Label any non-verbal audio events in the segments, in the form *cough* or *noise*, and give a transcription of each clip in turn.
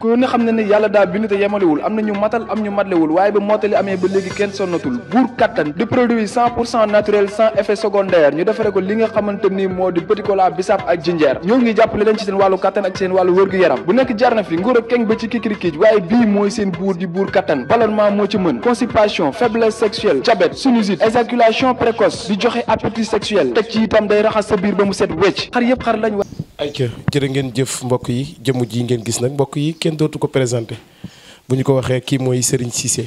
ku ne xam ne ni yàlla daa bind te yemalewul am na ñu matal am ñu matlewul waaye ba mottali amee ba léegi kenn sonnatul buur kattan di produit cent pour cent naturel sans effet secondaire ñu defare ko li nga xamante ni moo di petit cola bisaab ak jinjeer ñoo ngi jàppale leen ci seen wàllu kattan ak seen wàllu wërgu yaram bu nekk jarna fi nguur ak keng ba ci kikirikiij waaye bii mooy seen buur di buur kattan ballonnement moo ci mën constipation faiblesse sexuelle diabète sinusite éjaculation précoce di joxe appétit sexuel teg ci itam day raxas sa biir ba mu set wecc xar yëpp xar lañ wa ayca jërë ngeen jëf mbokk yi jëmm ji ngeen gis nag mbokk yi kenn dootu ko présenté bu ñu ko waxee kii mooy Serigne Cissé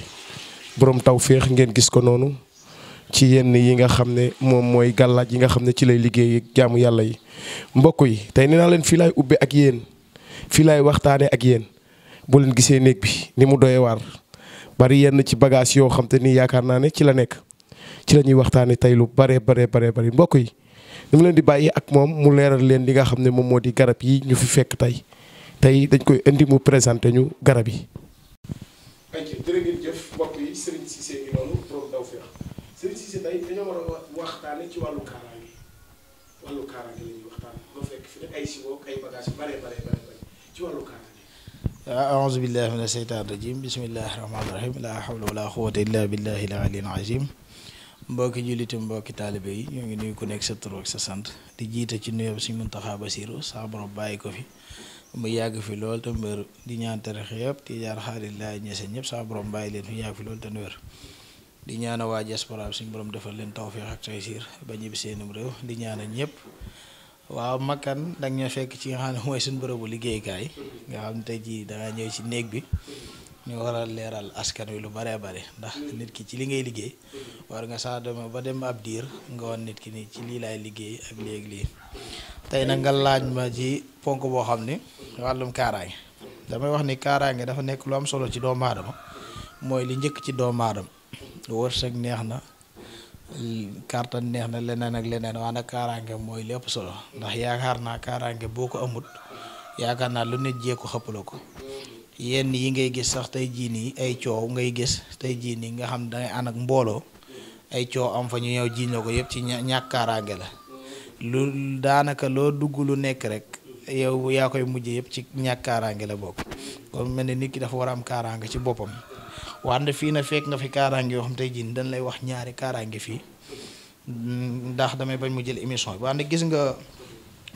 borom tawféex ngeen gis ko noonu ci yenn yi nga xam ne moom mooy gàllaaj yi nga xam ne ci lay liggéey jaamu yàlla yi. mbokk yi tey nee naa leen fii lay ubbe ak yéen fii laay waxtaanee ak yéen bu leen gisee néeg bi ni mu doyee waar bari yenn ci bagage yoo xam te ni yaakaar naa ne ci la nekk ci la ñuy waxtaanee tey lu baree baree baree bari mbokk yi. dama leen di bàyyi ak moom mu leeral leen li nga xam ne moom moo di garab yi ñu fi fekk tey tey dañ koy indi mu présenté ñu garab yi. ayca jërë ngeen jëf mbokk yi Serigne Cissé ngi noonu a la ñuy waxtaan ba ay ci wàllu kaaraange. aouzu billahi mina sheytaani rajim bismillahi illa billahi al aliyyil mbokki jullitam mbokki taalibe yi ñoo ngi nuyu ku nekk sa tur sa sant di jiite ci nuyoo Sëriñ Muntaxa Basiru saa borom bàyyi ko fi mu yàgg fi lool te mbër di ñaan tarix yëpp di jaar xaalis laay ñese ñëpp saa borom bàyyi leen fi yàgg fi lool te wér di ñaana waa diaspora suñ borom defal leen tawfeex ak taysiir ba ñibbi seenum réew di ñaana ñëpp waaw makkan danga ñoo fekk ci nga xam ne mooy suñu bërëbu liggéeykaay nga xam ne tey jii dangaa ñëw ci néeg bi ñu waral leeral askan wi lu bëree bëri ndax nit ki ci li ngay liggéey war nga sax dema ba dem ab diir nga wan nit ki nii ci lii laay liggéey ak léegi lii tey nag nga laaj ma ci ponk boo xam ni wàllum kaaraange damay wax ni kaaraange dafa nekk lu am solo ci doomu aadama mooy li njëkk ci doomu aadama wërsëg neex na kartan neex na leneen ak leneen waaye nag kaaraange mooy lépp solo ndax yaakaar naa kaaraange boo ko amut yaakaar naa lu nit jee ko xëppaloo ko yenn yi ngay gis sax tey jii nii ay coow ngay gis tey jii nii nga xam da ngay ànd ak mbooloo ay coow am fa ñu ñëw jiiñ la ko yëpp ci ñàkk kaaraange la lu daanaka loo dugg lu nekk rek yow yaa koy mujj yëpp ci ñàkk kaaraange la bopp kon mel ni nit ki dafa war a am kaaraange ci boppam wante fii na fekk nga fi kaaraange yoo xam tey jii nii dañ lay wax ñaari kaaraange fii ndax damay bañ mu jël émission bi wante gis nga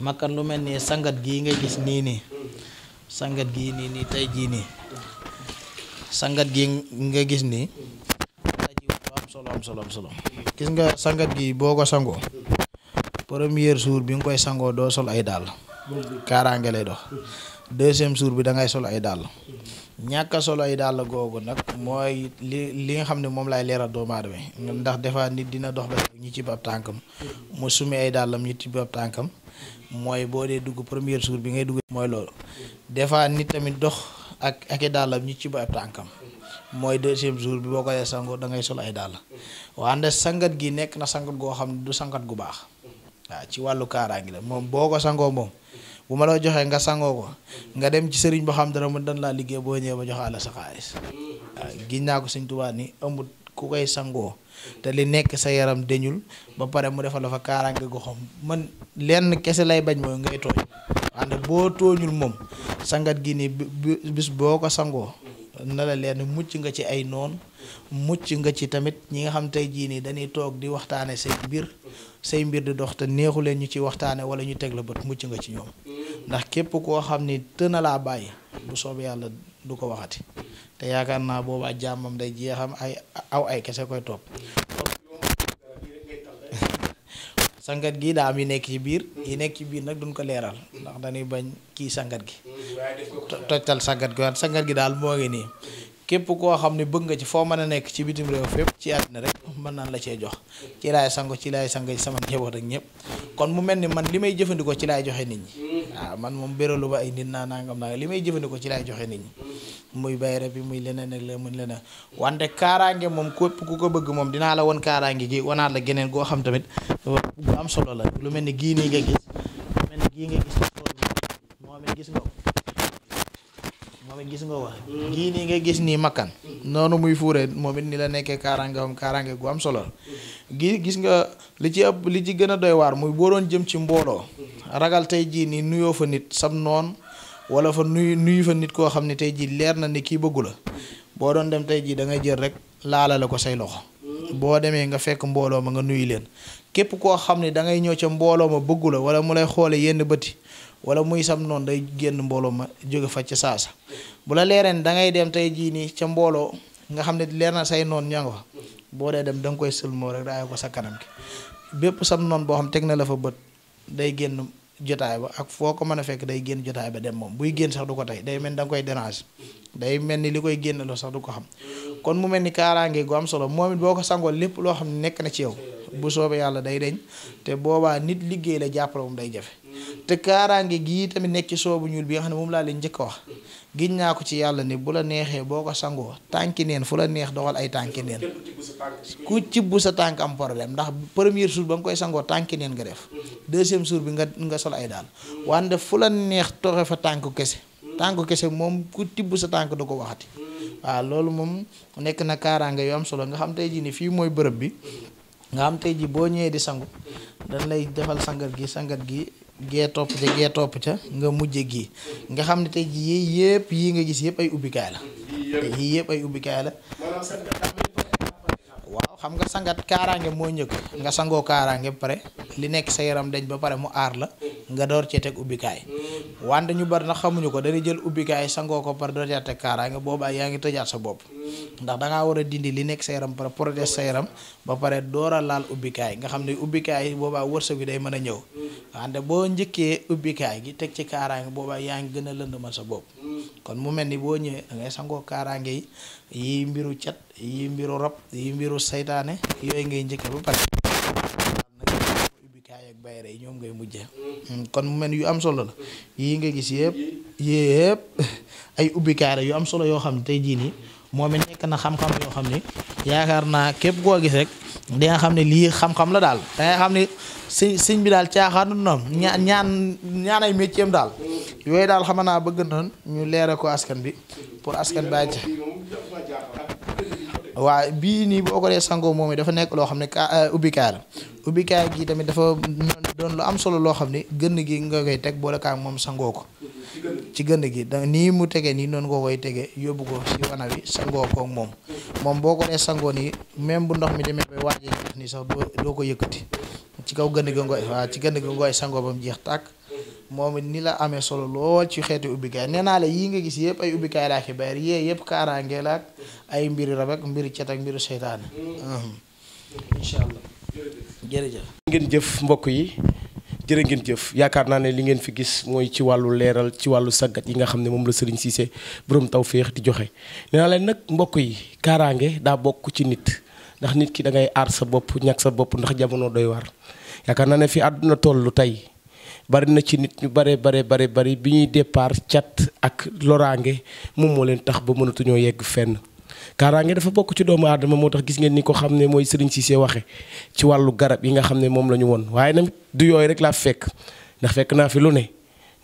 makkan lu mel ni sangat gii ngay gis nii nii. sangat gi nii nii tey jii nii sangat gi nga gis nii am solo solo am solo gis nga sangat gi boo ko sangoo premier jour bi nga koy sangoo doo sol ay dàll kaaraange lay dox deuxième jour bi dangay sol ay dàll ñàkk a sol ay dàll googu nag mooy li li nga xam ne moom laay leeral doomaat bi ndax des nit dina dox ba ñu ci ab tànkam mu sumi ay dàllam ñu ci ab tànkam mooy boo dee dugg premier jour bi ngay dugg mooy loolu des fois nit tamit dox ak ak i dàllam ñu ci ba ab tànkam mooy deuxième jour bi boo koy sango da ngay sol ay dàll wante sangat gi nekk na sangat goo xam ne du sangat gu baax waaw ci wàllu kaaraangi la moom boo ko sangoo moom bu ma la joxee nga sangoo ko nga dem ci sëriñ boo xam dana mu dan laa liggéey boo ñëwee ma joxaale sa xaalis waaw naa ko Sëñ Tuubaa ni amut ku koy sangoo te li nekk sa yaram deñul ba pare mu defal la fa kaaraange man lenn kese lay bañ mooy ngay tooñ ànd boo tooñul moom sangat gi nii bis boo ko sangoo na la leen mucc nga ci ay noon mucc nga ci tamit ñi nga xam tey jii nii dañuy toog di waxtaane say mbir say mbir di dox te neexu leen ñu ci waxtaane wala ñu teg la bët mucc nga ci ñoom ndax képp koo xam ni tën na laa bàyyi bu soobee yàlla du ko waxati te yaakaar naa boobaa jàmmam day jeexam ay aw ay kese koy topp sangat gi daa am yi nekk ci biir yi nekk ci biir nag duñ ko leeral ndax dañuy bañ kii sangat gi mm-hmm. tojtal sangat gi waat sangat gi daal moo ngi nii képp koo xam ne bëgg nga ci foo mën a nekk ci bitim réew fépp ci àddina rek mën naan la cee jox ci laay sango ci laay sango sama njaboot ak ñëpp kon mu mel ni man li may jëfandikoo ci laay joxe nit ñi moom béralu ba ay naa nangam naa li may jëfandikoo ci laay joxe nit ñi muy bayre bi muy leneen ak la muy leneen wante kaaraange moom képp ku ko bëgg moom dinaa la won kaaraange gi wanaat la geneen goo xam tamit bu am solo la lu mel ni gii nii nga gis lu mel ni gii nga gis moom it gis nga ko moom gis nga wax mm. gii nii nga gis nii makkan noonu muy fuure moom it ni la nekkee kaaraange am kaaraange gu am solo gi gis nga li ci ëpp li ci gën a doy waar muy boo doon jëm ci mbooloo ragal tey jii nii nuyoo fa nit sam noon wala fa nuyu nuyu fa nit koo xam ne tey jii leer na ni kii bëggu la boo doon dem tey jii da ngay jël rek laala la ko say loxo mm. boo demee nga fekk mbooloo ma nga nuyu leen képp koo xam ne da ngay ñëw ca mbooloo ma bëggu la wala mu lay xoole yenn bëti wala muy sam noon day génn mbooloo ma jóge fa ca saa sax bu la leereen da ngay dem tey jii nii ca mbooloo nga xam ne leer na say noon ña fa boo dee dem da nga koy sëlmoo rek daay ko sa kanam bépp sam noon boo xam teg na la fa bët day génn jotaay ba ak foo ko mën a fekk day génn jotaay ba dem moom buy génn sax du ko tey day mel ni da nga koy dérange day mel ni li koy génneloo sax du ko xam kon mu mel ni kaaraange gu am solo moom it boo ko sangoo lépp loo xam ne nekk na ci yow bu soobee yàlla day deñ te boobaa nit liggéey la jàppale day jafe te kaaraange gii tamit nekk ci soobu ñuul bi nga xam ne moom laa leen njëkk wax giñ naa ko ci yàlla ne bu la neexee boo ko sangoo tànki neen fu la neex doxal ay tànki neen ku cibbu sa tànk am problème ndax premier jour ba nga koy sangoo tànki neen nga def deuxième jour bi nga nga sol ay daal wante fu la neex toxe fa tànk kese tànk kese moom ku tibb sa tànk du ko waxati waaw loolu moom nekk na kaaraange yu am solo nga xam tey ji ni fii mooy bërëb bi nga xam tey jii boo ñëwee di sangu gee topp ca gee topp ca nga mujje gi nga xam ne tey ji yii yëpp yii nga gis yëpp ay ubbikaay la yii yëpp ay ubbikaay la xam nga sangat kaaraange moo njëkk nga sangoo kaaraange ba pare li nekk sa yaram dañ ba pare mu aar la nga door cee teg ubbikaay wante ñu bari na xamuñu ko dañuy jël ubbikaay sangoo ko par door cee teg kaaraange boobaa yaa ngi tëjaat sa bopp ndax dangaa war a dindi li nekk sa yaram pare protéger sa yaram ba pare doora laal ubbikaay nga xam ne ubbikaay boobaa wërsëg bi day mën a ñëw wante boo njëkkee ubbikaay gi teg ci kaaraange boobaa yaa ngi gën a ma sa bopp kon mu mel ni boo ñëwee da sangoo kaaraange yi yi mbiru cat yi mbiru rab yi mbiru sayt seytaane yooyu ngay njëkk ba pare ubbikaay ak bayre yi ñoom ngay mujje hmm, kon mu mel yu am solo la yi nga gis yëpp yëpp *laughs* ay ubbikaay yu am solo yoo xam ne tey jii nii moom it nekk na xam-xam yoo xam ne yaakaar naa képp koo gis rek di xam ne lii xam-xam la daal da xam ne sëñ sëñ bi daal caaxaanu noonu ñaan ñaan ñaan daal yooyu daal xam bëgg noonu ñu leere ko askan bi pour askan bi àcc waaw bii nii boo ko dee sangoo moom dafa nekk loo xam ne ka euh, ubbikaay la ubbikaay gi tamit dafa doon lu am solo loo xam ne gënn gi nga koy teg boole kaak moom sangoo ko ci gënn gi da nii mu tege nii noonu nga koy tege yóbbu ko si wana wi sangoo moom moom boo ko dee sangoo nii même bu ndox mi demee bay waajee jeex nii sax doo ko yëkkati ci kaw gënn gi ngoy waaw ci gën gi ngoy sangoo ba mu jeex tàkk moom it ni la amee solo lool ci xeeti ubbikaay nee naa la nga gis yëpp ay ubbikaay laa ci bayar yee yëpp kaaraange la ay mbiri rab ak mbiri ak mbiru seytaane ngeen jëf mbokk yi jërë ngeen jëf yaakaar naa ne li ngeen fi gis mooy ci wàllu leeral ci wàllu saggat yi nga xam ne moom la Serigne Cissé borom tawféex di joxe leen nag mbokk yi kaaraange daa bokk ci nit ndax nit ki da ngay aar sa bopp ñàkk sa bopp ndax jamono doy war yaakaar naa ne fi àdduna tollu tey bari na ci nit ñu bare bare bare bari bi ñuy départ cat ak loraange moom moo leen tax ba mënatuñoo yegg fenn kaaraange dafa bokk ci doomu adama moo tax gis ngeen ni ko xam ne mooy sëriñ Cissé waxe ci wàllu garab yi nga xam ne moom la ñu woon waaye nag du yooyu rek laa fekk ndax fekk naa fi lu ne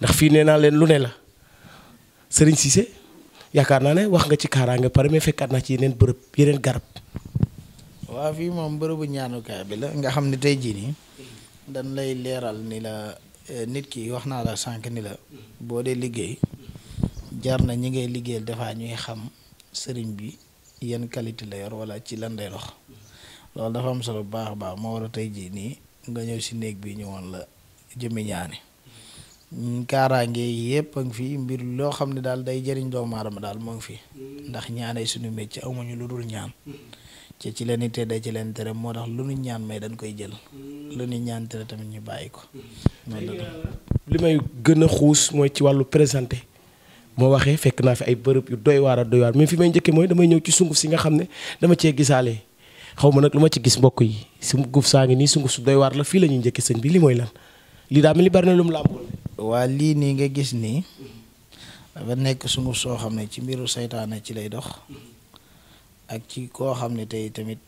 ndax fii nee naa leen lu ne la sëriñ Cissé yaakaar naa ne wax nga ci kaaraange pare mais fekkaat naa ci yeneen bërëb yeneen garab. waaw fii moom bërëbu ñaanukaay bi la nga xam ne tey jii nii dañ leeral ni Eh, nit ki wax naa la sànq ni la boo dee liggéey jar na ñi ngay liggéeyal dafaa ñuy xam sëriñ bi yan qualité la yor wala ci lan lay dox loolu dafa am solo bu baax a baax moo war a tey jii nii nga ñëw si néeg bi ñëwoon la jëmi ñaani kaaraange yëpp a ngi fi mbir loo xam ne daal day jëriñ doomu ma daal moo ngi fi ndax ñaanay suñu métier amuñu lu dul ñaan ci ci leen te day ci leen tere moo tax lu nu ñaan may dañ koy jël mm. lu nu ñaan tere tamit ñu bàyyi ko mm. euh, li may gën a xuus mooy ci wàllu présenté moo waxee fekk naa fi ay bërëb yu doy waar a doy waar mais fi may njëkkee mooy damay ñëw ci sunguf si nga xam ne dama cee gisaale xaw ma nag lu ma ci gis mbokk yi sunguf saa ngi nii sunguf su doy waar la fii la ñuy njëkkee sëñ bi li mooy lan lii daa mel li bari na lu mu làmbool waa lii nii nga gis nii dafa nekk sunguf soo xam ne ci mbiru saytaane ci lay dox mm-hmm. ak ci koo xam ne tey tamit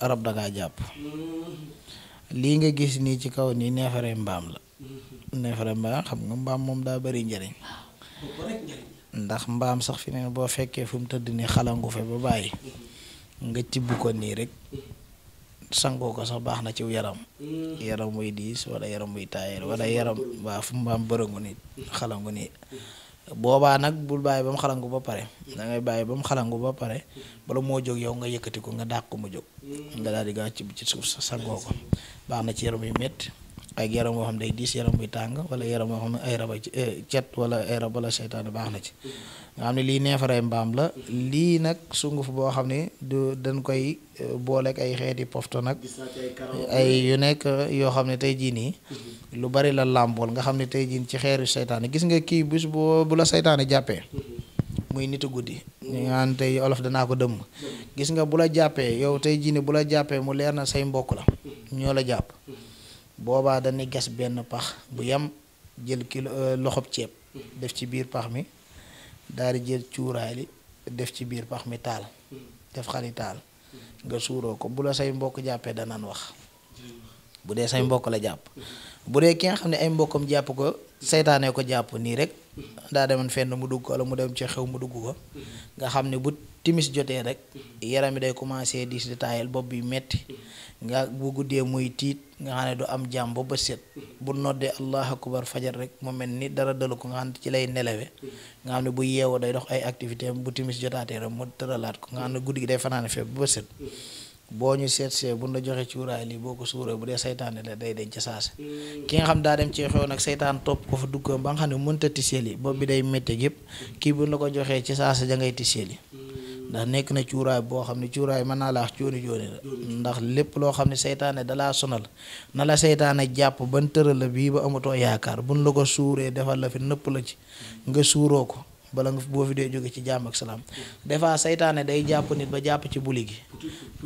arab euh, dakaa jàpp lii nga gis nii ci kaw nii neefare mbaam la neefare mbaam xam nga mbaam moom daa bari njariñ ndax mbaam sax fi ne boo fekkee fu mu tëdd ni xalangu fe ba bàyyi nga tibb ko nii rek sangoo ko sax baax na ci yaram yaram wuy diis wala yaram wuy wala yaram waa fu mbaam bërëngu nit xalangu nii boobaa nag bul bàyyi ba mu xalangu ba pare da ngay bàyyi ba mu xalangu ba pare bala moo jóg yow nga yëkkati ko nga dàq ko mu jóg nga daal di gaaw ci ci suuf sa sangoo ko baax na ci yaram yu métti ak yaram boo xam day diis yaram buy tàng wala yaram boo xam ne ay raba eh, cet wala ay rab wala seytaane baax na ci nga xam ne lii neefaree mbaam la lii nag sunguf boo xam ne du dañ koy eh, booleek ay xeeti pofto nag ay yu nekk yoo xam ne tey jii nii lu bari la làmbool nga xam ne tey jii ci xeeru seytaane gis nga kii bis boo bu la seytaane jàppee muy nitu guddi ñu naan tey olof danaa ko dëmm gis nga bu la jàppee yow tey jii nii bu la jàppee mu leer na say mbokk la ñoo la jàpp boobaa dañuy gas benn pax bu yam jël kilo eh, loxob ceeb def ci biir pax mi daa di jël cuuraay li def ci biir pax mi taal def xari taal nga suuroo ko bu la say mbokk jàppee danaan wax bu dee say mbokk la jàpp bu dee ki nga xam ne ay mbokkam jàpp ko seytaanee ko jàpp nii rek daa demoon fenn mu dugg ko wala mu dem ci xew mu dugg ko nga xam ne bu timis jotee rek yaram bi day commencé diis di taayal bopp bi metti nga bu guddee muy tiit nga xam ne du am jàmm ba bët set bu noddee allah akbar fajar rek mu mel ni dara dalu ko nga xam ne ci lay nelewe nga xam bu yeewoo day dox ay activité bu timis jotaatee rek mu tëralaat ko nga xam guddi gi day fanaane feeb ba bët boo ñu seet see bu la joxe cuuraay lii boo ko suuree bu dee saytaane la day denc saase ki nga xam daa dem ci xew nag saytaan topp ko fa dugg ba nga xam ne mënta tiseel yi bopp bi day métti yëpp kii bu la ko joxee ci saase da ngay tiseel yi ndax nekk na cuuraay boo xam ne cuuraay mën naa la wax jooni jooni la ndax lépp loo xam ne seytaane dalaa sonal na la seytaane jàpp ban tëral la bii ba amatoo yaakaar buñ la ko suuree defal la fi nëpp la ci nga suuroo ko bala nga boo fi dee jóge ci jàmm ak salaam des fois seytaane day jàpp nit ba jàpp ci buli gi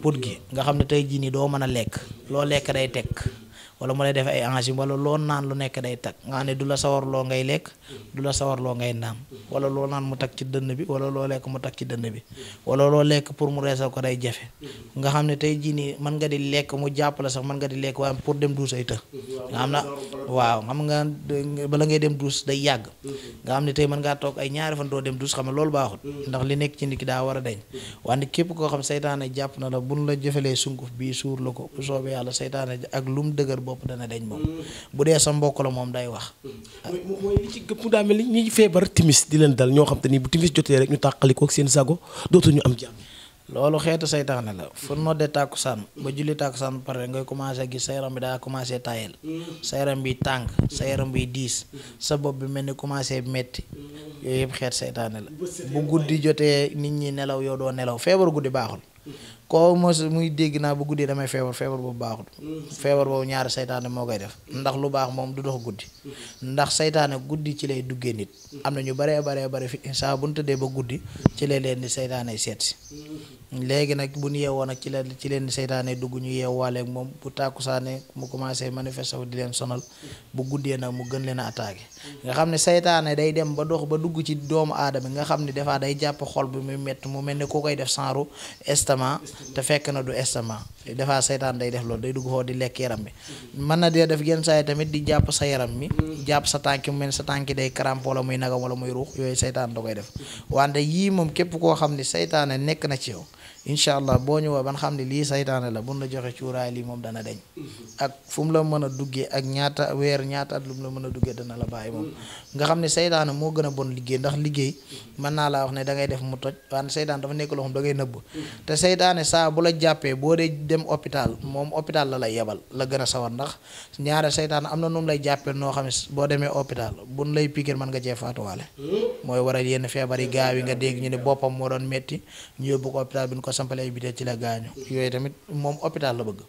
put gi nga xam ne tey jii nii doo mën a lekk loo lekk day tekk wala mu lay def ay enzyme wala loo naan lu nekk day tag nga xam ne du la sawarloo ngay lekk du la sawarloo ngay naan wala loo naan mu tag ci dënn bi wala loo lekk mu tag ci dënn bi wala loo lekk pour mu reesal ko day jafe nga xam ne tey jii nii mën nga di lekk mu jàppale sax mën nga di lekk waaye pour dem duus ay të nga xam na waaw xam nga bala ngay dem duus day yàgg nga xam ne tey mën ngaa toog ay ñaari fan doo dem duus xam ne loolu baaxul ndax li nekk ci nit ki daa war a dañ wante képp koo xam seytaane jàpp na la bu buñ la lee sunkuf bii suur la ko bu soobee yàlla seytaane ak lum dëgër bopp dana deñ moom bu dee sa mbokk la moom day wax. Mm. mooy li ci gëpp daa mel ñi feebar timis di leen dal ñoo xam te ni bu timis jotee rek ñu tàqalikoo ak seen sago dootuñu am jàmm. loolu xeetu saytaane la fu noddee tàkkusaan ba julli tàkkusaan pare ngay commencé gis sa yaram bi daa commencé tayel mm. sa yaram bi tàng sa yaram bi diis mm. sa bopp bi mel ni commencé metti yooyu yëpp xeet saytaane la bu guddi jotee nit ñi nelaw yow doo nelaw feebar guddi baaxul koo mos muy dégg naa bu guddee damay feebar feebar bu baaxut mm-hmm. feebar boobu ñaari saytaane moo koy def ndax lu baax moom du dox guddi mm-hmm. ndax seytaane guddi ci lay duggee nit mm-hmm. am na ñu baree baree bare fi saa bu ñu tëddee ba guddi ci lay leen di saytaane seet si léegi nag bu ñu yeewoo nag ci la ci leen di saytaane dugg ñu yeewwaaleeg moom bu tàkkusaane mu commencé manifesté wu di leen sonal bu guddee nag mu gën leen a attaqué nga xam ne saytaane day dem ba dox ba dugg ci doomu bi nga xam ni des day jàpp xol bi muy métti mu mel ne koo koy def sanru estomac te fekk na du estomac des fois saytaan day def loolu day dugg foofu di lekk yaram bi mën na dee def genn saa yi tamit di jàpp sa yaram mi jàpp sa tànki mu mel ne sa tànki day crampe wala muy nagam wala muy ruux yooyu saytaan da koy def wante yii moom képp koo xam ni saytaane nekk na ci yow incha allah boo ñëwoo ban xam ne lii saytaane la buñ la joxe cuuraay lii moom dana deñ ak fu mu la mën a duggee ak ñaata weer ñaata at lu mu la mën a duggee dana la bàyyi moom nga xam ne saytaane moo gën a bon liggéey ndax liggéey man naa laa wax ne da ngay def mu toj waaye saytaane dafa nekk loo xam da ngay nëbb te saytaane saa bu la jàppee boo dee dem hôpital moom hôpital la la yebal la gën a sawar ndax ñaare saytaane am na nu lay jàppee noo xam ne boo demee hôpital buñ lay piquer mën nga cee faatuwaale hmm? mooy waral yenn feebar yi sampale ay biteel ci la gaañu yooyu tamit moom hôpital la bëgg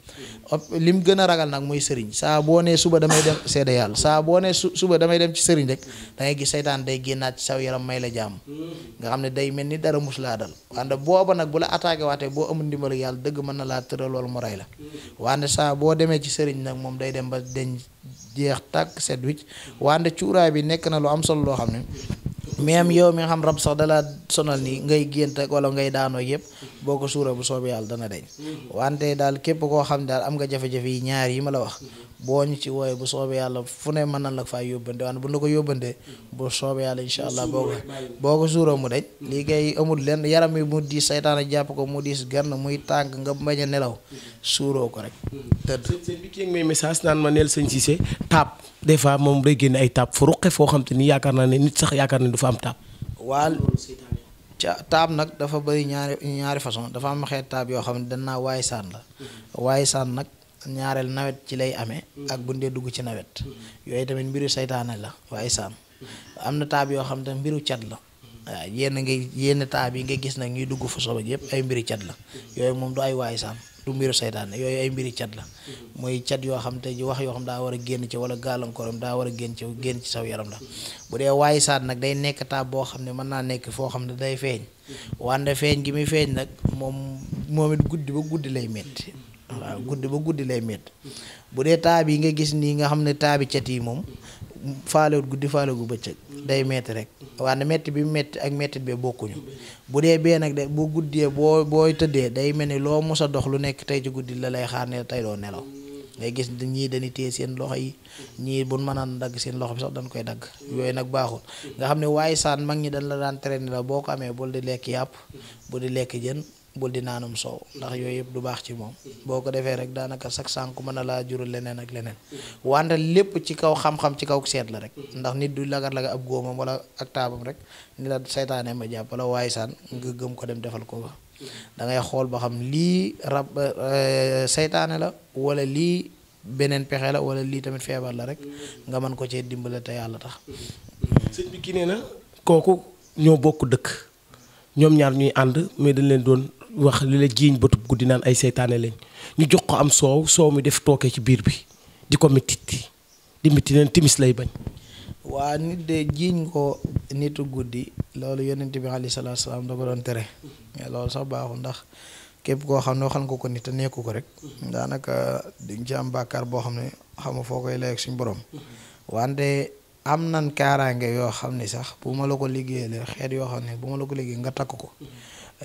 lim gën a ragal nag mooy sëriñ saa boo nee suba damay dem seede yàlla saa boo nee suba damay dem ci sëriñ rek da ngay gis seytaan day génnaat ci saw yaram may la jàmm nga xam ne day mel ni dara mus laa dal wante booba nag bu la attaqué waatee boo amul ndimbalu yàlla dëgg mën na laa tëral loolu mu rey la wante saa boo demee ci sëriñ nag moom day dem ba deñ jeex tàkk set wicc wante cuuraay bi nekk na lu am solo loo xam même yow mi nga xam rab sax dala sonal nii ngay gént ak wala ngay daanoo yëpp boo ko suura bu soobee yàlla dana deñ mm-hmm. wante daal képp koo xam ne daal am nga jafe-jafe yi ñaar yi ma la wax boo ñu ci wooyee bu soobee yàlla fu ne mën nañ la faa yóbbante waan bu la ko yóbbantee bu soobee yàlla incha allah boo ko boo ko suuroo mu deñ lii amul lenn yaram yi mu diis saytaane jàpp ko mu diis gann muy tànk nga bañ nelaw suuroo ko rek tëdd sëñ bi ki may message naan ma neel sëñ taab des fois moom de génne ay taab fu ruqe foo xam ni yaakaar naa ne nit sax yaakaar ne du fa am taab waa ca taab nag dafa bëri ñaari ñaari façon dafa am xeet taab yoo xam ne danaa waay saan la mm-hmm. ñaareel nawet ci lay amee ak bu dee dugg ci nawet yooyu tamit mbiru seytaane la waaye saan am na taab yoo xam ne mbiru cat la waaw yenn ngay yenn taab yi nga gis nag ñuy dugg fa soba yëpp ay mbiri la yooyu moom du ay waaye saan du mbiru seytaane yooyu ay mbiri cat la mooy cat yoo xam te ji wax yoo xam daa war a génn ci wala gàllankooram daa war a génn ci génn ci saw yaram la bu dee waaye saan nag day nekk taab boo xam ne mën naa nekk foo xam ne day feeñ wante feeñ gi muy feeñ nag moom moom it guddi ba guddi lay metti waaw guddi ba guddi lay métti bu dee taab yi nga gis nii nga xam ne taabi cet yi moom faalewut guddi gu bëccëg day métti rek waaye ne métti bi métti ak metti bi bokkuñu bu dee bee nag de bu guddee boo booy tëddee day mel ni loo mos a dox lu nekk tey guddi la lay xaar ne tey nelaw ngay gis ñii dañuy téye seen loxo yi ñii bu mënaan dagg seen loxo sax dañ koy dagg yooyu nag baaxul nga xam ne waaye saan mag ñi dañ la daan traîner la boo ko amee bul di lekk yàpp bu di lekk jën bul di naanum soow ndax yooyu yëpp du baax ci moom boo ko defee rek daanaka sax sànku mën na laa jural leneen ak leneen wante lépp ci kaw xam-xam ci kaw seet la rek ndax nit du lagar laga ab góomam walla ak taabam rek ni la seytaane ma jàpp wala waay saan nga gëm ko dem defal ko ba xool ba xam lii rab eh, seytaane la wala lii beneen pexe la wala lii tamit feebar la rek nga mën ko cee dimbale te yàlla tax. sëñ bi kooku ñoo bokk dëkk ñoom ñaar ñuy ànd mais dañ leen doon wax li la jiiñ ba guddi naan ay seytaane lañ ñu jox ko am soow soow mi def tooke ci biir bi di ko mettiti di metti neen timis lay bañ waa nit de jiiñ ko nitu guddi loolu yonent bi alayhi salaatu salaam da doon tere mais sax baaxul ndax képp koo xam ne waxal nga ko nit a nekku ko rek daanaka di ci am boo xam ne xamu foo koy lay ak borom wante am nan kaaraange yoo xam ne sax bu ma la ko liggéey liggéeyee xeet yoo xam ne bu ma la ko liggéey nga takk ko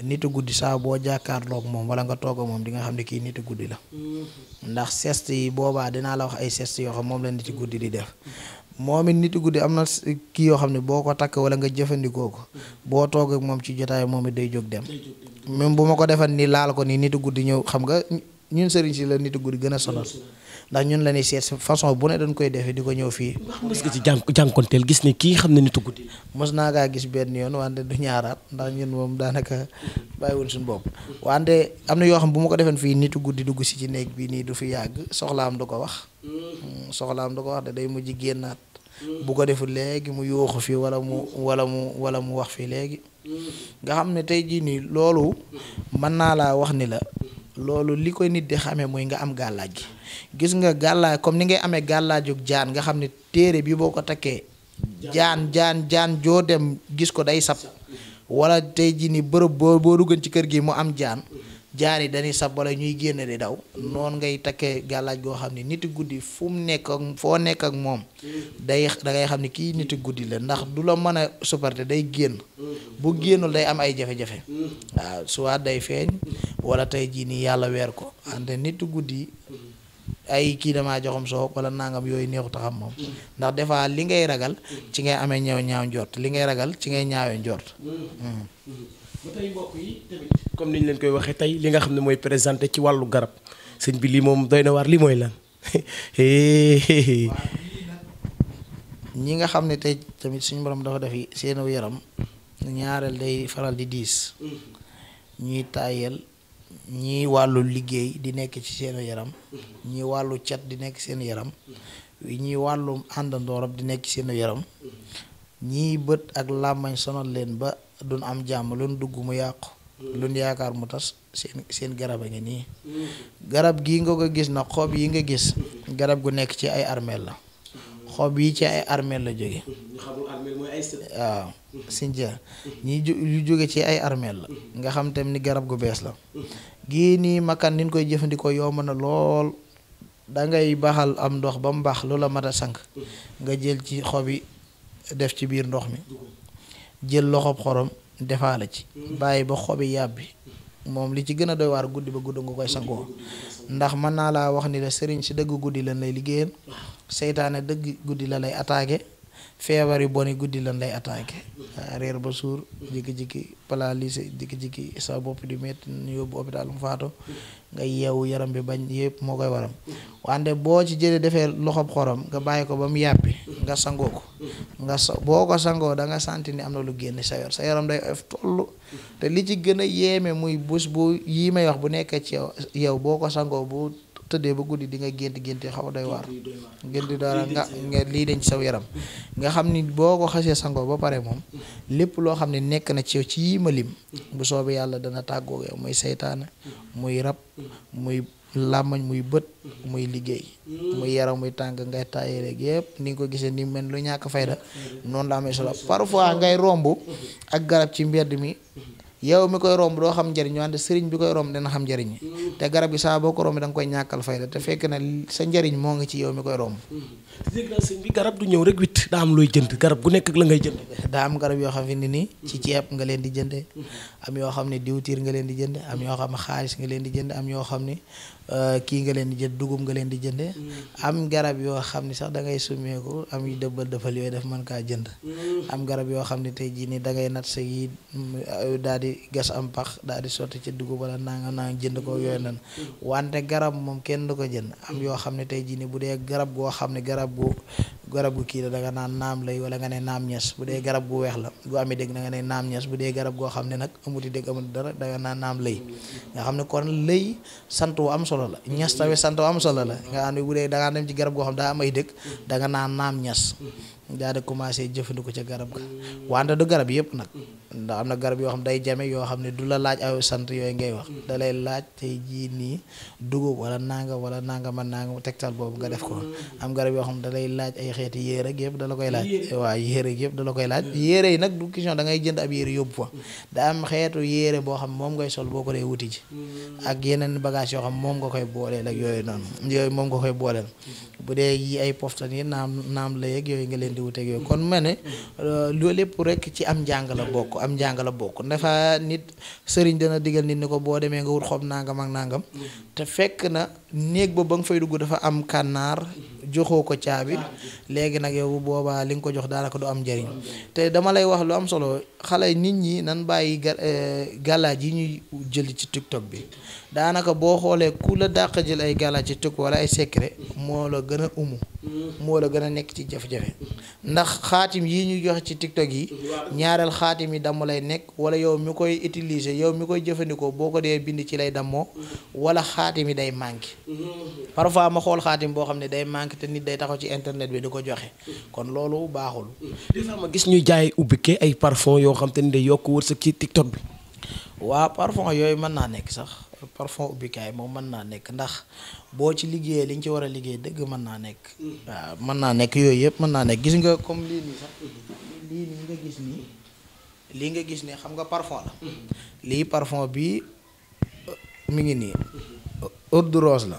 nitu guddi saa boo jàkkaarloog moom wala nga toog moom di nga xam ne kii nitu guddi la ndax sest yi boobaa dinaa la wax ay sest yoo xam moom la nitu guddi di def moom it nitu am na kii yoo xam ne boo ko takk wala nga jëfandikoo ko boo toog moom ci jotaay moom it day jóg dem même bu ma ko defal ni laal ko nii nitu guddi ñëw xam nga ñun sëriñ si la nitu guddi gën a sonal ndax ñun la ñuy seet si façon bu ne dañ koy defee di ko ñëw fii. mos nga ci jàng jànkonteel gis ne kii xam ne nitu guddi la. mos naa kaa gis benn yoon wante du ñaaraat ndax ñun moom daanaka bàyyiwul suñu bopp wante am na yoo xam bu ma ko defeen fii nitu guddi dugg si ci néeg bi nii du fi yàgg soxlaam du ko wax. Mm. soxlaam du ko wax de day mujj génnaat. bu ko deful léegi mu yuuxu fi wala mu wala mu wala mu wax fi léegi. Mm. nga xam ne tey jii nii loolu mën naa laa wax ni la loolu li koy nit di xamee mooy nga am gàllaaj gi gis nga gàllaaj comme ni ngay amee gàllaajug jaan nga xam ne téere bi boo ko takkee jaan jaan jaan joo dem gis ko day sab wala tey ji ni bërëb boo boo duggoon ci kër gi mu am jaan jaar yi dañuy sab wala ñuy génn di daw noon ngay takkee gàllaaj goo xam ne niti guddi fu mu nekk ak foo nekk ak moom day dangay xam ne kii niti guddi la ndax du la mën a supporter day génn bu génnul day am ay jafe-jafe waaw soit day feeñ wala tey jii nii yàlla weer ko ante niti guddi ay kii damaa joxam soo wala nangam yooyu neexu taxam moom ndax des li ngay ragal ci ngay amee ñëw ñaaw njort li ngay ragal ci ngay ñaawee njort hmm. comme ni ñu leen koy waxee tey li nga xam ne mooy présenté ci wàllu garab sëñ bi lii moom doy na waar lii mooy lan. *laughs* ñi nga xam ne tey tamit suñu borom dafa def seenu yaram ñaareel day faral di diis mm-hmm. ñuy tàyyeel ñii wàllu liggéey di nekk ci seenu yaram mm-hmm. ñii wàllu cat di nekk seen yaram ñii wàllu àndandoorab di nekk ci seenu yaram mm-hmm. ñii bët ak làmmañ sonal leen ba dun am jàmm luñ dugg mu yàqu luñ yaakaar mu tas seen seen garab a ngi nii garab gii nga ko gis na xob yi nga gis garab gu nekk ci ay armeel la xob yi ci ay armeel la jóge waaw ñi jóge ci ay armeel la nga xam tam ni garab gu bees la gii nii makkan niñ koy jëfandikoo yomb na lool dangay baxal am ndox ba mu baax lu la mat a sank nga jël ci xob yi def ci biir ndox mi jël loxob xorom defaa la ci bàyyi ba xobi yàbbi moom li ci gën a doy waar guddi ba guddi nga koy sangoo ndax mën naa laa wax ni la sëriñ si dëgg guddi lan lay liggéeyal seytaane dëgg guddi la lay attaqué feebar yu bon yi guddi lan lay attaqué ah, reer ba suur jikki-jikki pala lycée jikki-jikki sa bopp di métti ñu yóbbu hôpital mu faatu nga yeewu yaram bi bañ yëpp moo koy waram wante boo ci jëlee defee loxob xorom nga bàyyi ko ba mu yàppi nga sangoo ko nga sa boo ko sangoo danga nga ni am na lu génn sa yor sa yaram day of toll te li ci gën a yéeme muy bus bu yii may wax bu nekk ci yow boo ko sangoo bu tëddee ba guddi di nga gént gént xaw a doy waar gént daal nga nga lii dañ saw yaram nga xam ni boo ko xasee sangoo ba pare moom lépp loo xam ne nekk na ci ci yii ma lim bu soobee yàlla dana tàggoo yow muy seytaane muy rab muy làmmañ muy bët muy liggéey muy yaram muy tàng ngay taayee rek yëpp ni nga ko gisee ni mel lu ñàkk fayda noonu la amee solo parfois ngay romb ak garab ci mbedd mi yow mi koy romb doo xam njariñ wante sëriñ bi koy romb dina xam njariñ te garab yi saa boo ko romb da nga koy ñàkkal fayda te fekk na sa njariñ moo ngi ci yow mi koy romb. dégg garab du ñëw rek witt daa am looy jënd garab nekk la ngay jënd. daa garab yoo xam ne nii. ci ceeb nga leen di jënde am yoo xam ne diwtiir nga leen di jënd am yoo xam ne xaalis nga leen di jënd am yoo xam ne Euh, kii nga leen di jënd dugub nga leen di jëndee. Mm. am garab yoo xam ne sax dangay ngay summeeku am yu dëbbal dëfal yooyu def mën kaa jënd. Mm. am garab yoo xam ne tey jii nii da ngay nat sa yi mm, daal di gas am pax daal di sotti ca dugub wala nanga nanga jënd ko yooyu nan wante garab moom kenn du ko jënd am yoo xam ne tey jii nii bu dee garab goo xam ne garab bu garab gu kii la da naan naam lay wala nga ne naam ñes bu dee garab gu weex la gu amee dégg da nga ne naam ñes bu dee garab goo xam ne nag amuti dégg amut dara da naan naam lay nga xam ne kon lay sant wu am solo la ñes tamit sant wu am solo la nga xam bu dee da ngaa dem ci garab naan naam ñes daal di commencé jëfandiku ca garab ga wante du garab yëpp nag ndax am na garab yoo xam day jame yoo xam ne du la laaj aw sant yooyu ngay wax da lay laaj tey jii nii dugub wala nanga wala nanga ma nanga tegtal boobu nga def ko am garab yoo xam da lay laaj ay xeeti yére ak yëpp da koy laaj waaw yére ak yëpp da koy laaj yére yi nag du question da ngay jënd ab yére yóbbu fa da am xeetu yére boo xam moom ngay sol boo ko dee wuti ji ak yeneen bagage yoo xam moom nga koy booleel ak yooyu noonu yooyu moom nga koy di wuteeg yooyu kon ma ne euh, loolu lépp rekk ci am njàng la bokk am njàng la bokk dafa nit sëriñ dana digal nit ni ko boo demee nga wut xob nangam ak nangam te fekk na néeg ba ba nga fay dugg dafa am kànnaar joxo ko caabi léegi nag yow boobaa li nga ko jox daanaka du am njëriñ te dama lay wax lu am solo xale nit ñi nan bàyyi galaaj euh, yi ñuy jël ci TikTok bi daanaka boo xoolee ku la dàq jël ay gala ci tëkk wala ay secret moo la gën a umu moo la gën a nekk ci jafe-jafe ndax xaatim yi ñuy joxe ci tiktok yi ñaareel xaatim yi damm lay nekk wala yow mi koy utiliser yow mi koy jëfandikoo boo ko dee bind ci lay dammoo wala xaatim yi day manqué parfois ma xool xaatim boo xam ne day manqué te nit day taxaw ci internet bi di ko joxe kon loolu baaxul. ma gis ñuy jaay ubbike ay parfum yoo xam te ni day yokk wërsëg ci tiktok bi. waa parfon yooyu mën naa nekk sax. par fond ubbikaay moom mën naa nekk ndax boo ci liggéeyee li ñu ci war a liggéey dëgg mën naa nekk. waaw mën naa nekk yooyu yëpp mën naa nekk gis nga comme lii nii lii nga gis nii lii nga gis ne xam nga parfum la. lii parfum bi uh, mu ngi nii. Uh, eau de rose la.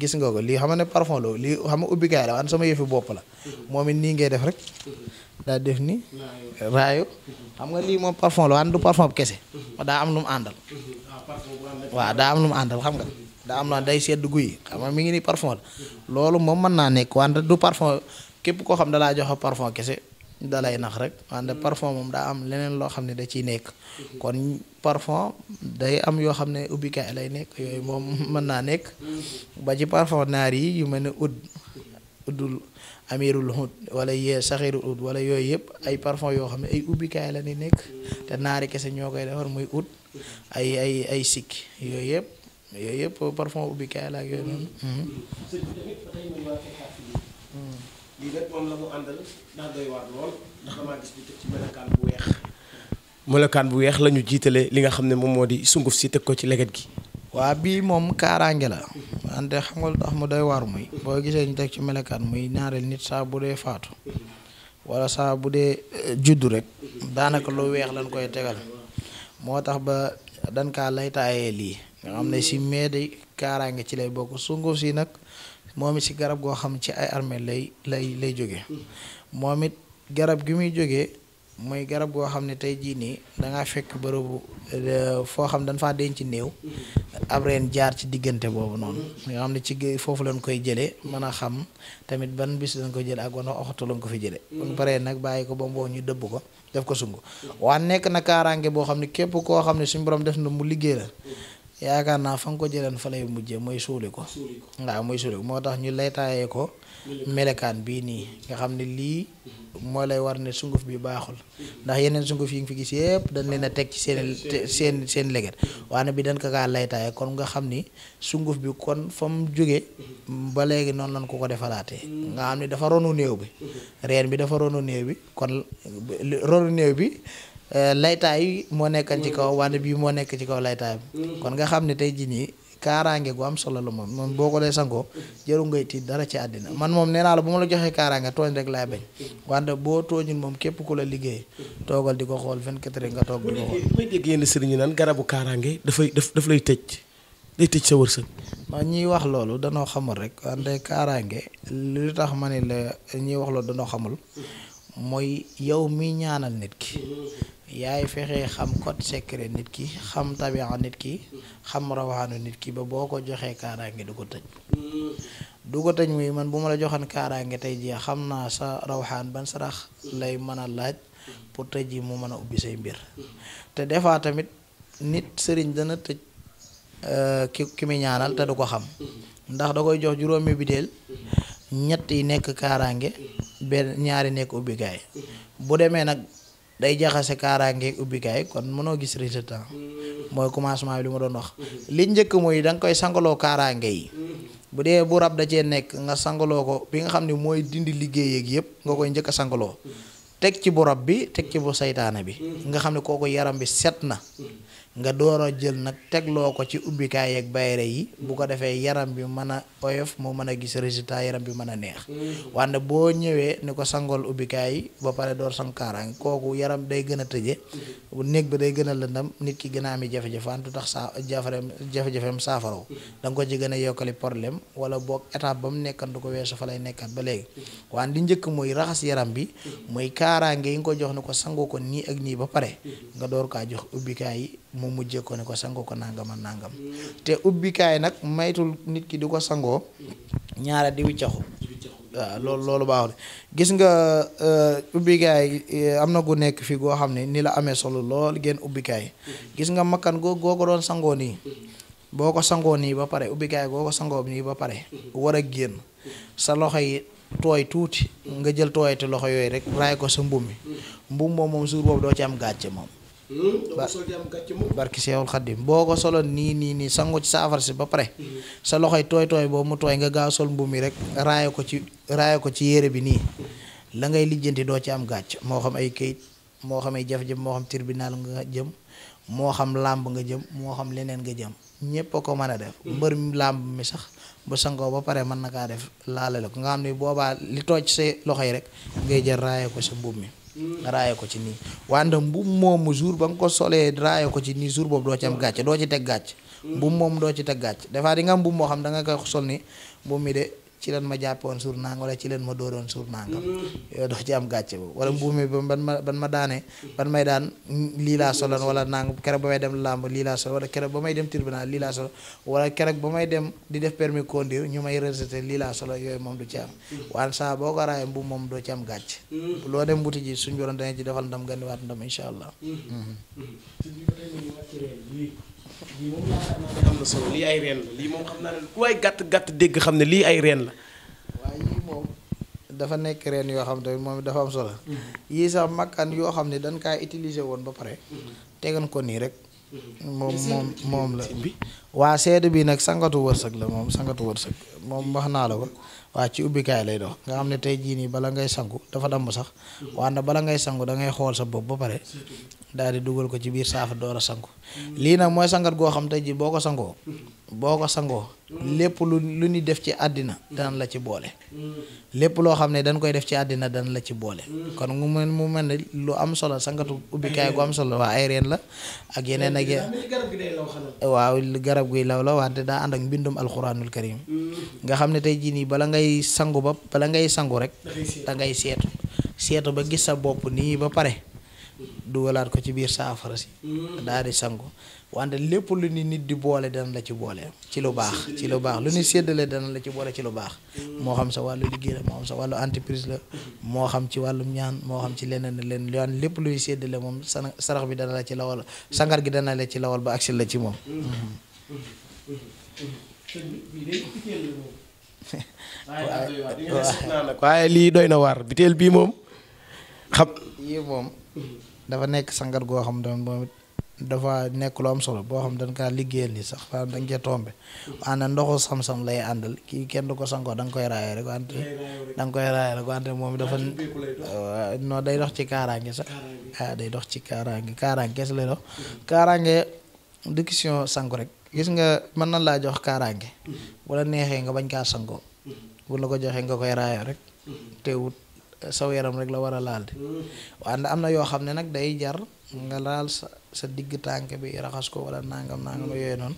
gis nga ko lii xam ne parfum la lii xam nga ubbikaay la waan sama yëfi bopp la. moom it nii ngay def rek. daa def ni raayu xam nga lii moom parfum la waan du parfum bu kese daa am lu mu àndal waaw daa am lu mu àndal xam nga daa am na day sedd guy xam nga mi ngi ni parfum la loolu moom mën naa nekk wante du parfum képp koo xam ne dalaa joxe parfum kese dalay nax rek wante parfum moom daa am leneen loo xam ne da ciy nekk kon parfum day am yoo xam ne ubbikaay lay nekk yooyu moom mën naa nekk ba ci parfum naar yi yu mel ne oud uddul amirul hut wala yee saxirul ut wala yooyu yëpp ay parfum yoo xam ne ay ubbikaay la nekk te naari kese ñoo koy defar muy ay ay yooyu yëpp yooyu yëpp la ak mhm. bu weex. melokaan bu weex la jiitale li nga xam ne moom moo di sunguf si teg ko ci leget gi. waa bii moom kaaraange la wante xam nga tax mu doy waar muy boo gisee ñu teg ci melekaan muy ñaareel nit saa bu dee faatu wala saa bu dee eh, juddu rek daanaka lu weex lañ koy tegal moo tax ba dañ kaa lay lii nga xam ne si meede kaaraange ci lay bokk sunguf si nag moom it si garab goo xam ci ay armée lay lay lay jóge moom it garab gi muy jóge mooy garab goo xam ne tey jii nii dangaa fekk bërëbu euh, foo xam dañ faa ci néew ab reen jaar ci diggante boobu noonu nga xam ne ci foofu lañ koy jëlee mën a xam tamit ban bis lañ koy jële ak wana waxtu lañ ko fi jëlee kon paree nag bàyyi ko ba mu ñu dëbb ko def ko sungu waa nekk na kaaraange boo xam ne képp koo xam ne suñu boroom def na mu liggéey la yaakaar naa fa nga ko jëlan fa lay mujjee mooy suuli ko waaw mooy suuli ko moo tax ñu lay ko melekaan bii nii nga xam ne lii mhm. moo lay war ne sunguf bi baaxul ndax yeneen sunguf yi nga fi gis yëpp dañ leen a teg ci seen seen seen leget waane bi dan ko kaa laytaaye kon nga xam ni sunguf bi kon fa mu jóge mhm. ba léegi noonu lañ ko ko defalaate mhm. nga xam ne dafa ronu néew bi reen bi dafa ronu néew bi kon ronu néew bi Euh, laytaay moo nekkan ci kaw wànne bii moo nekk ci kaw laytaayam kon nga xam ne tey jii nii kaaraange gu am solo la moom moom boo ko dee sangoo jëru ngay tiit dara ci àddina man moom nee naa la bu ma la joxee kaaraange tooñ rek laay bañ wante boo tooñul moom képp ku la liggéey toogal di ko xool 24 heures nga toog di ko xool may dégg yenn sëriñ yi naan garabu kaaraange dafay daf daf lay tëj day tëj sa wërsëg non ñiy wax loolu danoo xamul rek wante kaaraange lu tax ma ne la ñiy wax loolu danoo xamul mooy yow mi ñaanal nit ki yaay fexee xam code secret nit ki xam tabixa nit ki xam rawaxaanu nit ki ba boo ko joxee kaaraange du ko tëj mm. du ko tëj muy man bu ma la joxan kaaraange tey jii xam naa sa rawaxaan ban sarax lay mën a laaj pour tëj ji mu mën a ubbi say mbir mm. te des fois tamit nit sëriñ dana tëj euh, ki ki muy ñaanal te du ko xam mm. ndax da koy jox juróomi bideel ñetti nekk kaaraange benn ñaari nekk ubbi bu demee nag day jaxase kaaraangeeg ubbikaay kon mënoo gis résultat mooy commencement bi li ma doon wax li njëkk mooy da nga koy sangaloo kaaraange yi bu dee bu rab da cee nekk nga sangaloo ko bi nga xam ne mooy dindi liggéey yëpp nga koy njëkk a sangaloo teg ci bu rab bi teg ci bu seytaane bi nga xam ne kooku yaram bi set na nga door a jël nag tegloo ko ci ubbikaay ak bayre yi bu ko defee yaram bi mën a oyof moo mën a gis résultat yaram bi mën a neex mm-hmm. wante boo ñëwee ni ko sangool ubbikaay yi ba pare door sang kaaraange kooku yaram day gën a tëje mm-hmm. néeg bi day gën a lëndam nit ki gën a ami jafe-jafe wante saa jafareem jafe-jafeem mm-hmm. da nga ko ci gën a yokkali problème wala boog étape ba mu nekkan ko weesu fa lay nekkat ba léegi wante li njëkk mooy raxas yaram bi mooy kaaraange yi nga ko jox ni ko sangoo ko nii ak nii ba pare nga door kaa jox ubbikaay yi mu mujjee ko ne ko sangoo ko nangam nàngam nangam te ubbikaay nag maytul nit ki di ko sangoo ñaara di wiccaxu waaw loolu loolu baaxul euh, euh, am na gu nekk fii goo xam ne ni la amee solo lool génn ubbikaay gis nga makkan goo ko doon sangoo nii boo ko sangoo nii ba pare ubbikaay goo sangoo nii ba pare war a génn sa loxo yi tooy tuuti nga jël tooyati loxo yooyu rek raay ko sa mbum mi mbum moom moom suur boobu doo ci am gàcce moom Hmm? barki seexul xaddim boo ko solo nii nii nii sangu ci saafara si ba pare hmm. sa loxoy tooy tooy boobu mu tooy nga gaaw sol mbubb mi rek raaya ko ci raaya ko ci yére bi nii hmm. la ngay lijjanti doo ci am gàcc moo xam ay kayit moo xam ay jafe jëm moo xam tribunal nga jëm moo xam làmb nga jëm moo xam leneen nga jëm ñépp ko mën a def mbër làmb mi sax bu sangoo ba pare mën na kaa def laalale ko nga xam ne boobaa li tooj sa loxo yi rek ngay jël raaya ko sa mbubb mi nga raaya ko ci nii wante mbubb moomu jour ba nga ko solee raaya ko ci nii jour boobu doo ci am gàcce doo ci teg gàcce mbubb moom doo ci teg gàcce des fois di nga am mbubb moo xam da nga koy sol ni mbubb mi de ci leen ma jàppoon suur nang wala ci leen ma dóoroon suur nangam mm. yow doo ci am gàcce boobu wala mbuum mi ma ban ma daanee ban may daan lii laa soloon wala nang keroog ba may dem làmb lii laa soloon wala keroog ba may dem tribunal lii laa soloon wala keroog ba may dem di def permis conduire ñu may rejeté lii laa soloon yooyu moom du ci am mm. waan saa boo ko raayee moom doo ci am gàcce mm. loo dem wuti ji suñ boroom dana ci defal ndam gandiwaat ndam incha allah mm-hmm. lii moom yaakaar naa ne ay reen la lii moom xam naa ne ku waay gàtt gàtt dégg xam ne lii ay reen la. waaye yii moom dafa nekk reen yoo xam tamit moom dafa am solo. Mhm. yii sax makkaan yoo xam ne dañ kaa utilise woon ba pare. Mhm. tegan ko nii rek. Mhm. moom moom moom la. waa seede bi nag sangatu wërsëg la moom sangatu wërsëg moom wax naa la ko. waa ci ubbikaay lay dox nga xam ne tey jii nii bala ngay sangu dafa damm sax wante bala ngay sangu da ngay xool sa bopp ba pare daal di dugal ko ci biir saafa door a sangu lii nag mooy sangat goo xam tey ji boo ko sangoo boo ko sangoo lépp lu lu ñu def ci àddina daan la ci boole lépp loo xam ne dañ koy def ci àddina dana la ci boole kon mu mel mu mel ne lu am solo sangatu ubbikaay gu am solo waa ay reen la ak yeneen ak waaw garab guy law la wante daa ànd ak mbindum alxuraanul karim nga xam ne tey ji nii bala ngay sangu ba bala ngay sangu rek da seetu seetu ba gis sa bopp nii ba pare dugalaat ko ci biir saafara si daal di sangu wante lépp lu ni nit di boole dana la ci boole ci lu baax ci lu baax lu ni séddale dana la ci boole ci lu baax moo xam sa wàllu liggéey la moo sa wàllu entreprise la moo xam ci wàllum ñaan moo xam ci leneen leen yoon lépp luy séddale moom sa sarax bi dana la ci lawal sangar gi dana la ci lawal ba agsi la ci moom waaye lii doy na waar biteel bii moom xam yii moom dafa nekk sangat goo xam ne moom dafa nekk lu am solo boo xam dañ kaa liggéeyal ni sax dañ dañ cee tombé ànd ndoxu sam-sam lay àndal kii kenn du ko sangoo danga koy raayee rek wante da nga koy raayee rek wante moom dafa non day dox ci kaaraange sax ah, day dox ci kaaraange kaaraange kese lay dox kaaraange du rek gis nga mën na laa jox kaaraange bu la neexee nga bañ kaa sangoo joxee nga koy saw yaram rek la war a laal di waaye am na yoo xam ne nag day jar nga laal sa sa digg tànk bi raxas ko wala nangam nangam yooyu noonu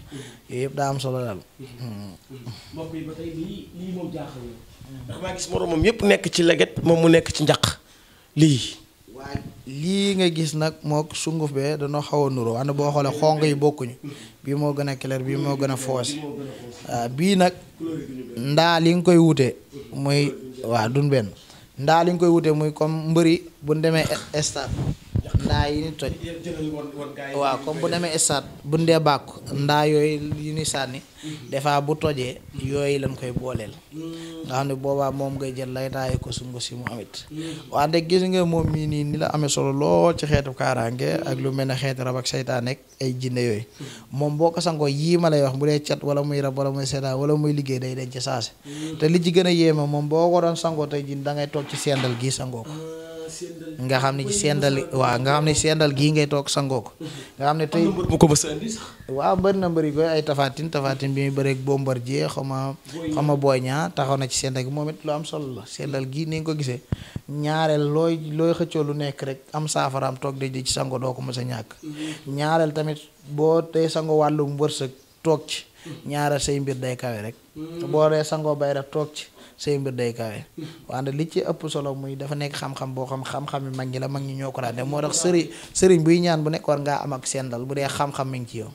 yooyu yëpp daa am solo daal. mbokk moom jaaxal nekk ci leget moom mu nekk ci njaq lii. lii nga gis nag moog sunguf bee dañoo xaw a nuroo ànd boo xoolee xonq yi bokkuñu bii moo gën a clair bii moo gën a foos waaw bii nag ndaa li nga koy wute mooy waa duñ benn. ndaa li ñu koy wutee muy comme mbëri bu ñu demee e-, stade ndaa yi ni toj waaw comme bu demee stade bu ndee bàkku ndaa yooyu yu ni sànni defaa bu tojee yooyu lañ koy booleel nga xam ne boobaa moom ngay jël lay taaye ko sungu si mu amit wante gis nga moom mii nii ni la amee solo lool ci xeetu kaaraange ak lu mel ne xeetu rab ak seytaan ak ay jinne yooyu moom boo ko sangoo yii ma lay wax bu dee cat wala muy rab wala muy seytaan wala muy liggéey day denc saase te li ci gën a yéeme moom boo ko doon sangoo tey jii da ngay toog ci sendal gii sangoo nga xam ne ci sendal waa nga xam ne sendal gii ngay toog sangoo ko nga xam ne tey bu ko mës a indi sax waaw bëri na mbëri koy ay tafaatin tafaatin bi muy bëreeg Bombardier xama xama Boy Niang taxaw na ci sendal gi moom it lu am solo la sendal gii ni nga ko gisee ñaareel looy looy xëccoo lu nekk rek am saafaraam toog di ci sango doo ko mës a ñàkk mm-hmm. ñaareel tamit boo tey sango wàllum wërsëg toog ci mm-hmm. ñaareel say mbir day kawe rek mm-hmm. boo dee sangoo bay toog ci say mbir day kawe wante li ci ëpp solo muy dafa nekk xam-xam boo xam xam-xam yi mag ñi la mag ñi ñoo ko daan def moo tax sëriñ sëriñ buy ñaan bu nekk war ngaa am ak sendal bu dee xam-xam mi ngi ci yow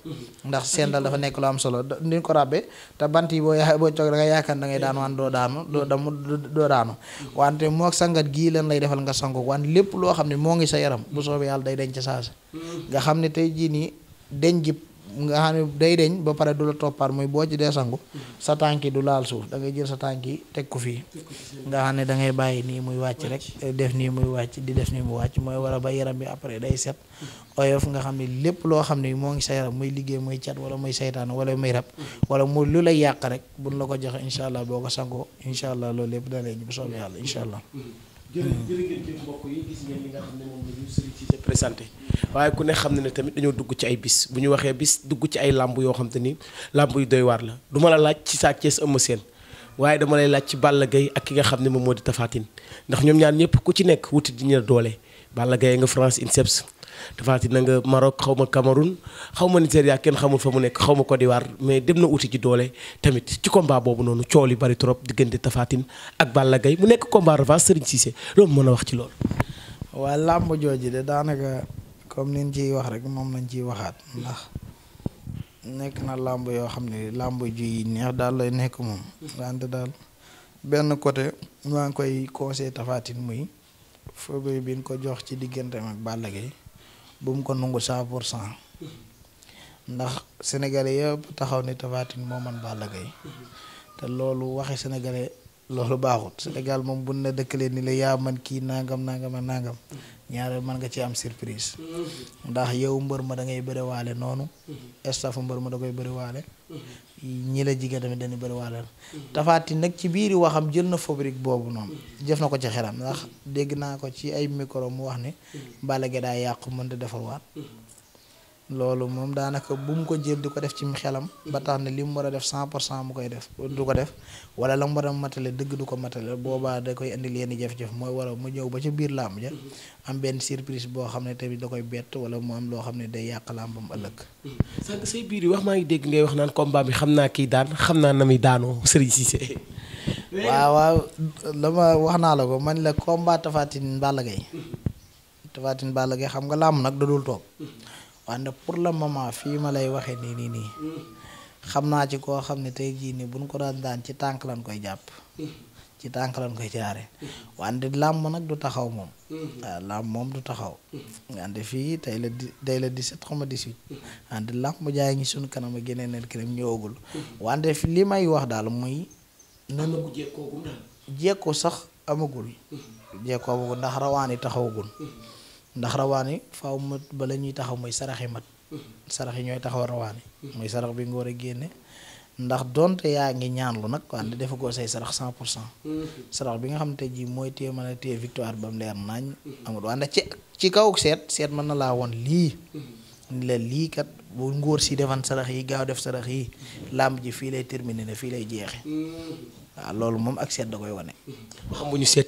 ndax sendal dafa nekk lu am solo ni ko ràbbe te bant yi boo boo coog da nga yaakaar da ngay daan waan doo daanu doo damu doo daanu wante moo sangat gii lan lay defal nga sangu wante lépp loo xam ne moo ngi sa yaram bu soobee yàlla day denc saasa nga xam ne tey jii nii denc nga xam ne day deñ ba pare du la toppar muy boo ci dee sangu sa tànki du laal suuf da ngay jël sa tànki teg ko fii nga xam ne da ngay bàyyi nii muy wàcc rek def nii muy wàcc di def nii mu wàcc mooy wara ba yaram bi après day set oyof nga xam ne lépp loo xam ne moo ngi sa muy liggéey muy cat wala muy saytaan wala muy rab wala mu lu lay yàq rek buñ la ko joxe incha allah boo ko sangoo incha allah loolu lépp da lay ñu bu soobee yàlla incha allah Hmm. jërë jërë mbokk yi gis waaye ku ne xam ne ne tamit dañoo dugg ci ay bis bu ñu waxee bis dugg ci ay làmb yoo xam te ni làmb yu doy waar la duma la laaj ci Sa Thiès Eumeu seen waaye dama lay laaj ci Balla gay ak ki nga xam ne moom moo di Tapha ndax ñoom ñaan ñëpp ku ci nekk wuti di ñu la doole Balla Gaye nga France INSEPS Tapha Tine na nga Maroc xaw ma Cameroun xaw ma Nigéria kenn xamul fa mu nekk xaw ma Côte d'Ivoire mais dem na uti ci doole tamit ci combat boobu noonu coow yi bari trop diggante Tapha ak Balla Gaye mu nekk combat revanche Serigne Cissé loolu mën a wax ci loolu. waaw làmb jooju de daanaka comme ni ñu wax rek moom lañ ciy waxaat ndax. nekk na làmb yoo xam ne làmb ji neex daal lay nekk moom wante daal benn côté maa ngi koy conseil Tapha muy foofu bi ñu ko jox ci diggante ak Balla Gaye bu mu ko nangu cent pour cent ndax sénégalais yëpp taxaw ni Tapha Tine moo man la Gaye te loolu waxe sénégalais loolu baaxut Sénégal moom bu dëkk dëkkalee ni la yaa man kii nangam nangam ak nangam ñaareel man nga ci am surprise ndax yow mbër ma da ngay bëriwaale noonu staff mbër ma da koy bëriwaale ñi la jigéen tamit dañu bëri wàllal tafaati nag ci biiri waxam jël na fabrique boobu noonu jëf na ko ci xelam ndax dégg naa ko ci ay micro mu wax ne Balla Gaye daa yàqu mënta defar waat loolu moom daanaka bu mu ko jël di ko def ci mu xelam. ba tax ne li mu war a def cent pour cent mu koy def du ko def wala la mu war a matale dëgg du ko matale boobaa da koy indi leen jëf-jëf mooy war a mu ñëw ba ca biir làmb ja am benn surprise boo xam ne tamit da koy bett wala mu loo xam ne day yàq làmbam ëllëg. sànq say biir yi wax maa ngi dégg ngay wax naan combat bi xam naa kii daan xam naa na muy daanoo Serigne Cissé. waaw waaw dama wax naa la ko man la combat Tapha Tine Balla Gaye Tapha Tine xam nga làmb nag da dul toog. waaye pour le moment fii ma lay waxee nii nii nii xam naa ci koo xam ne tey jii nii buñ ko daan daan ci tànk lañ koy jàpp ci tànk lañ koy jaare wante làmb nag du taxaw moom waaw làmb moom du taxaw wante fii tey la di tey la dix-sept xama dix-huit wante làmb jaay ngi suñu kanam a génee neen kirim ñëwagul wante fi li may wax daal muy nanu jekko sax amagul jekkoo amagul ndax rawaan yi taxawagul ndax rawaan yi faw ma ba la ñuy taxaw mooy sarax mat sarax yi ñooy taxaw rawaan yi mooy sarax bi nga war a génne ndax donte yaa ngi ñaan lu nag wante defa ko say sarax cent pour cent sarax bi nga xam te jii mooy téye man a téye victoire ba mu leer naañ amul wante ci ci kaw seet seet man na laa woon lii ni la lii kat bu ngóor si defan sarax yi gaaw def sarax yi làmb ji fii lay terminé ne fii lay jeexe waaw loolu moom ak seet da koy wane xam bu ñu seet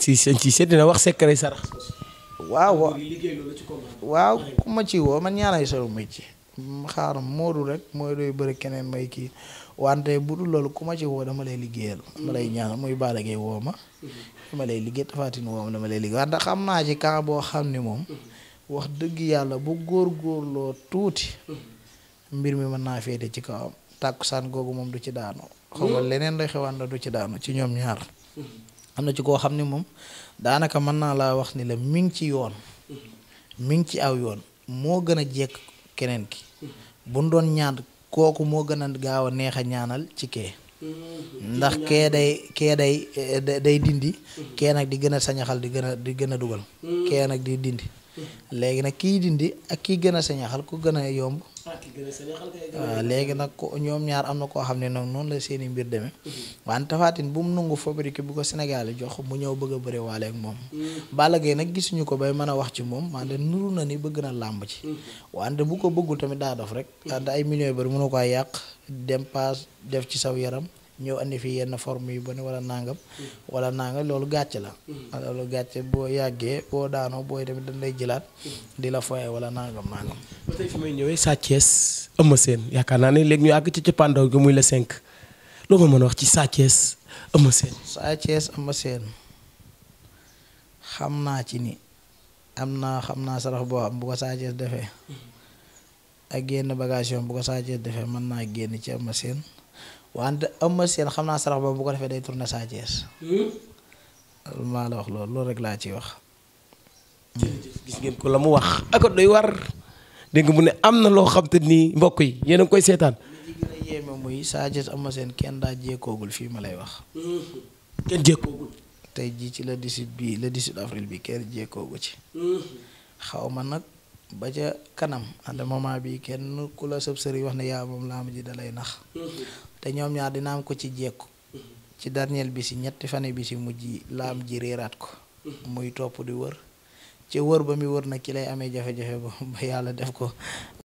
waaw waaw ku ma ci woo mm, ma ñaanay solo ma ci xaaram moodu rek mooy doy bëri keneen may kii wante bu dul loolu ku ma ci woo dama lay liggéeyal dama lay mm. ñaanal muy baalagee woo ma mm-hmm. dama lay liggéey tafaatin woo ma dama lay liggéey wante xam naa ci kan boo xam ni moom mm-hmm. wax dëgg yàlla bu góorgóorloo tuuti mm-hmm. mbir mi mën naa féete ci kawam tàkkusaan googu moom du ci daanu xaw ma leneen lay xewaan la du ci daanu ci ñoom ñaar am na ci koo xam ni moom daanaka mën naa laa wax ni la mi ngi ci yoon mi ngi ci aw yoon moo gën a jekk keneen ki buñ doon ñaan kooku moo gën a gaaw a neex a ñaanal ci kee ndax kee day kee day eh, day dindi kee nag di gën a sañaxal di gën a di gën a dugal kee nag di dindi léegi nag kii dindi ak kii gën a sañaxal ku gën a yomb waaw ah, léegi nag ko ñoom ñaar am na koo xam ne nag noonu la seeni mbir deme wante Tapha Tine bu mu nangu fabrique bu ko Sénégal yi jox mu ñëw bëgg a bëri waale ak moom mm. Balla Gaye nag gisuñu ko bay mën a wax ci moom wante nuru na ni bëgg na làmb ci mm. wante bu ko bëggul tamit daa dof rek da mm. ay millions yu bëri mënu ko yàq dem paas def ci saw yaram ñëw andi fi yenn forme yu bon wala nangam. Hmm. wala nangam loolu gàcce la. Hmm. loolu boo yàggee boo daanoo booy tamit dañ lay hmm. la foyee wala nangam nangam. ba tey fi yaakaar naa ne léegi ñu àgg ci cappaandaw gi muy mën a ci Sa Thiès Eumeu Sène. xam naa ci ni am naa xam naa sarax boo xam bu ko Sa Thiès defee. ak génn bagage bu ko Sa defee mën naa génn ci Eumeu Sène. wante Eumeu Sène xam naa sarax boobu bu ko defee day tourné Sa Thiès. Hmm? maa la wax loolu loolu rek laa ciy wax. gis ngeen ko la mu wax ak doy war dégg mu ne am na loo xam te nii mbokk yi yéen a koy seetaan. li muy Sa Thiès Eumeu kenn daa jékkoogul fii ma lay wax. Hmm. kenn jékkoogul. tey jii ci la 18 bii le 18 avril bi kenn jékkoogu ci. Hmm. xaw ma nag ba ca kanam. ànd moment bi kenn ku la sëb sëriñ wax ne yaa moom laa ma ji dalay nax. te ñoom ñaar dina am ko ci jekku ci danielle bi si ñetti fane bi si mujj laam ji réeraat ko muy topp di wër ci wër ba muy wër nag ki lay amee jafe-jafe ba yàlla def ko